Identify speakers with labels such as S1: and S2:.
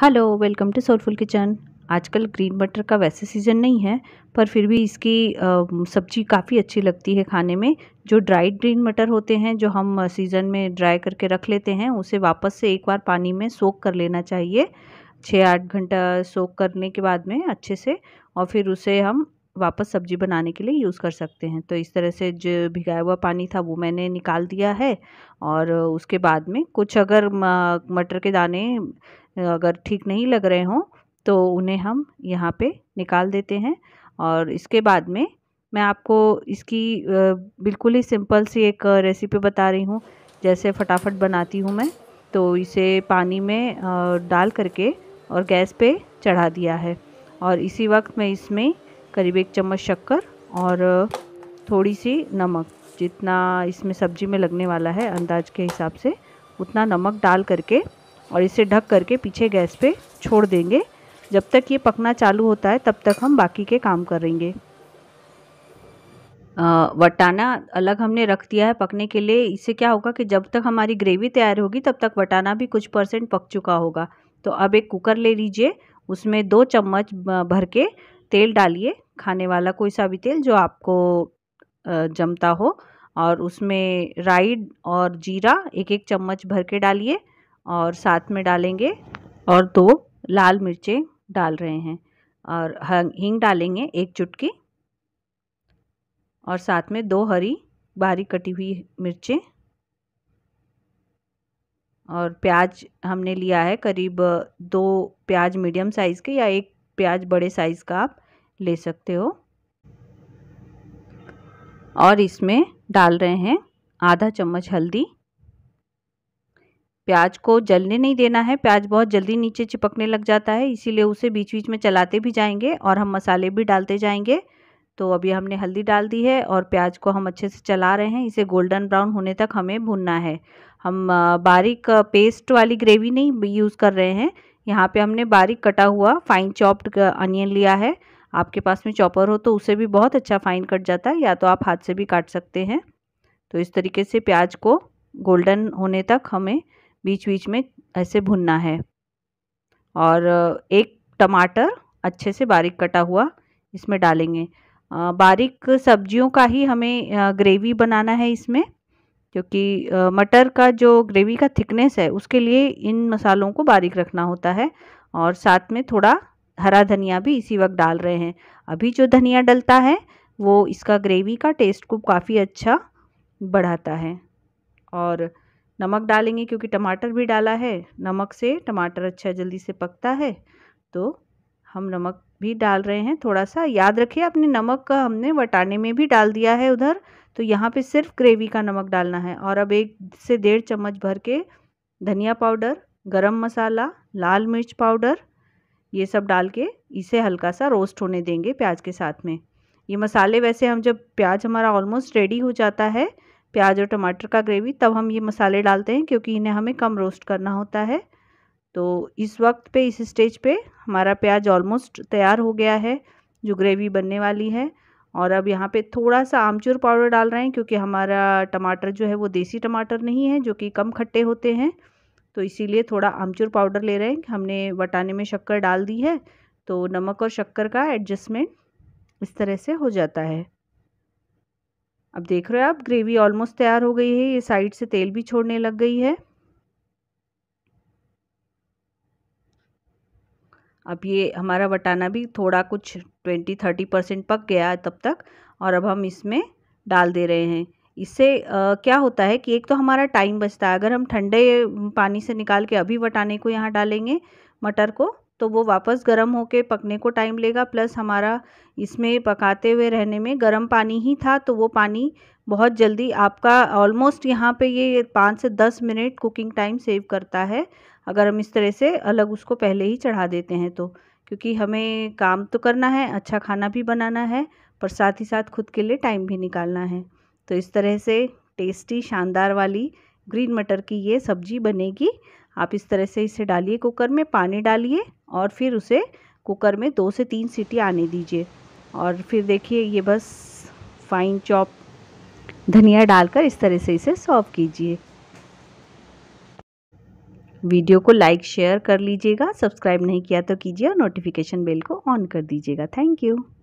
S1: hello welcome to Soulful Kitchen आजकल green मटर का वैसे सीज़न नहीं है पर फिर भी इसकी सब्ज़ी काफ़ी अच्छी लगती है खाने में जो ड्राइड ग्रीन मटर होते हैं जो हम सीज़न में ड्राई करके रख लेते हैं उसे वापस से एक बार पानी में सोख कर लेना चाहिए छः आठ घंटा सोक करने के बाद में अच्छे से और फिर उसे हम वापस सब्जी बनाने के लिए यूज़ कर सकते हैं तो इस तरह से जो भिगाया हुआ पानी था वो मैंने निकाल दिया है और उसके बाद में कुछ अगर मटर के दाने अगर ठीक नहीं लग रहे हों तो उन्हें हम यहाँ पे निकाल देते हैं और इसके बाद में मैं आपको इसकी बिल्कुल ही सिंपल सी एक रेसिपी बता रही हूँ जैसे फटाफट बनाती हूँ मैं तो इसे पानी में डाल करके और गैस पे चढ़ा दिया है और इसी वक्त मैं इसमें करीब एक चम्मच शक्कर और थोड़ी सी नमक जितना इसमें सब्ज़ी में लगने वाला है अंदाज के हिसाब से उतना नमक डाल करके और इसे ढक करके पीछे गैस पे छोड़ देंगे जब तक ये पकना चालू होता है तब तक हम बाकी के काम करेंगे वटाना अलग हमने रख दिया है पकने के लिए इससे क्या होगा कि जब तक हमारी ग्रेवी तैयार होगी तब तक वटाना भी कुछ परसेंट पक चुका होगा तो अब एक कुकर ले लीजिए उसमें दो चम्मच भर के तेल डालिए खाने वाला कोई सा भी तेल जो आपको जमता हो और उसमें राइड और जीरा एक एक चम्मच भर के डालिए और साथ में डालेंगे और दो लाल मिर्चें डाल रहे हैं और हींग डालेंगे एक चुटकी और साथ में दो हरी बारीक कटी हुई मिर्चें और प्याज हमने लिया है करीब दो प्याज मीडियम साइज़ के या एक प्याज बड़े साइज़ का आप ले सकते हो और इसमें डाल रहे हैं आधा चम्मच हल्दी प्याज को जलने नहीं देना है प्याज बहुत जल्दी नीचे चिपकने लग जाता है इसीलिए उसे बीच बीच में चलाते भी जाएंगे और हम मसाले भी डालते जाएंगे तो अभी हमने हल्दी डाल दी है और प्याज को हम अच्छे से चला रहे हैं इसे गोल्डन ब्राउन होने तक हमें भुनना है हम बारीक पेस्ट वाली ग्रेवी नहीं यूज़ कर रहे हैं यहाँ पे हमने बारीक कटा हुआ फाइन चॉप्ड अनियन लिया है आपके पास में चॉपर हो तो उसे भी बहुत अच्छा फाइन कट जाता है या तो आप हाथ से भी काट सकते हैं तो इस तरीके से प्याज को गोल्डन होने तक हमें बीच बीच में ऐसे भुनना है और एक टमाटर अच्छे से बारीक कटा हुआ इसमें डालेंगे बारीक सब्जियों का ही हमें ग्रेवी बनाना है इसमें क्योंकि मटर का जो ग्रेवी का थिकनेस है उसके लिए इन मसालों को बारीक रखना होता है और साथ में थोड़ा हरा धनिया भी इसी वक्त डाल रहे हैं अभी जो धनिया डलता है वो इसका ग्रेवी का टेस्ट को काफ़ी अच्छा बढ़ाता है और नमक डालेंगे क्योंकि टमाटर भी डाला है नमक से टमाटर अच्छा जल्दी से पकता है तो हम नमक भी डाल रहे हैं थोड़ा सा याद रखिए अपने नमक का हमने वटाने में भी डाल दिया है उधर तो यहाँ पे सिर्फ ग्रेवी का नमक डालना है और अब एक से डेढ़ चम्मच भर के धनिया पाउडर गरम मसाला लाल मिर्च पाउडर ये सब डाल के इसे हल्का सा रोस्ट होने देंगे प्याज के साथ में ये मसाले वैसे हम जब प्याज हमारा ऑलमोस्ट रेडी हो जाता है प्याज और टमाटर का ग्रेवी तब हम ये मसाले डालते हैं क्योंकि इन्हें हमें कम रोस्ट करना होता है तो इस वक्त पे इस स्टेज पे हमारा प्याज ऑलमोस्ट तैयार हो गया है जो ग्रेवी बनने वाली है और अब यहाँ पे थोड़ा सा आमचूर पाउडर डाल रहे हैं क्योंकि हमारा टमाटर जो है वो देसी टमाटर नहीं है जो कि कम खट्टे होते हैं तो इसीलिए थोड़ा आमचूर पाउडर ले रहे हैं हमने वटाने में शक्कर डाल दी है तो नमक और शक्कर का एडजस्टमेंट इस तरह से हो जाता है अब देख रहे हो आप ग्रेवी ऑलमोस्ट तैयार हो गई है ये साइड से तेल भी छोड़ने लग गई है अब ये हमारा वटाना भी थोड़ा कुछ ट्वेंटी थर्टी परसेंट पक गया है तब तक और अब हम इसमें डाल दे रहे हैं इससे क्या होता है कि एक तो हमारा टाइम बचता है अगर हम ठंडे पानी से निकाल के अभी वटाने को यहाँ डालेंगे मटर को तो वो वापस गर्म होके पकने को टाइम लेगा प्लस हमारा इसमें पकाते हुए रहने में गर्म पानी ही था तो वो पानी बहुत जल्दी आपका ऑलमोस्ट यहाँ पे ये पाँच से दस मिनट कुकिंग टाइम सेव करता है अगर हम इस तरह से अलग उसको पहले ही चढ़ा देते हैं तो क्योंकि हमें काम तो करना है अच्छा खाना भी बनाना है पर साथ ही साथ खुद के लिए टाइम भी निकालना है तो इस तरह से टेस्टी शानदार वाली ग्रीन मटर की ये सब्जी बनेगी आप इस तरह से इसे डालिए कुकर में पानी डालिए और फिर उसे कुकर में दो से तीन सीटी आने दीजिए और फिर देखिए ये बस फाइन चॉप धनिया डालकर इस तरह से इसे सॉफ कीजिए वीडियो को लाइक शेयर कर लीजिएगा सब्सक्राइब नहीं किया तो कीजिए और नोटिफिकेशन बेल को ऑन कर दीजिएगा थैंक यू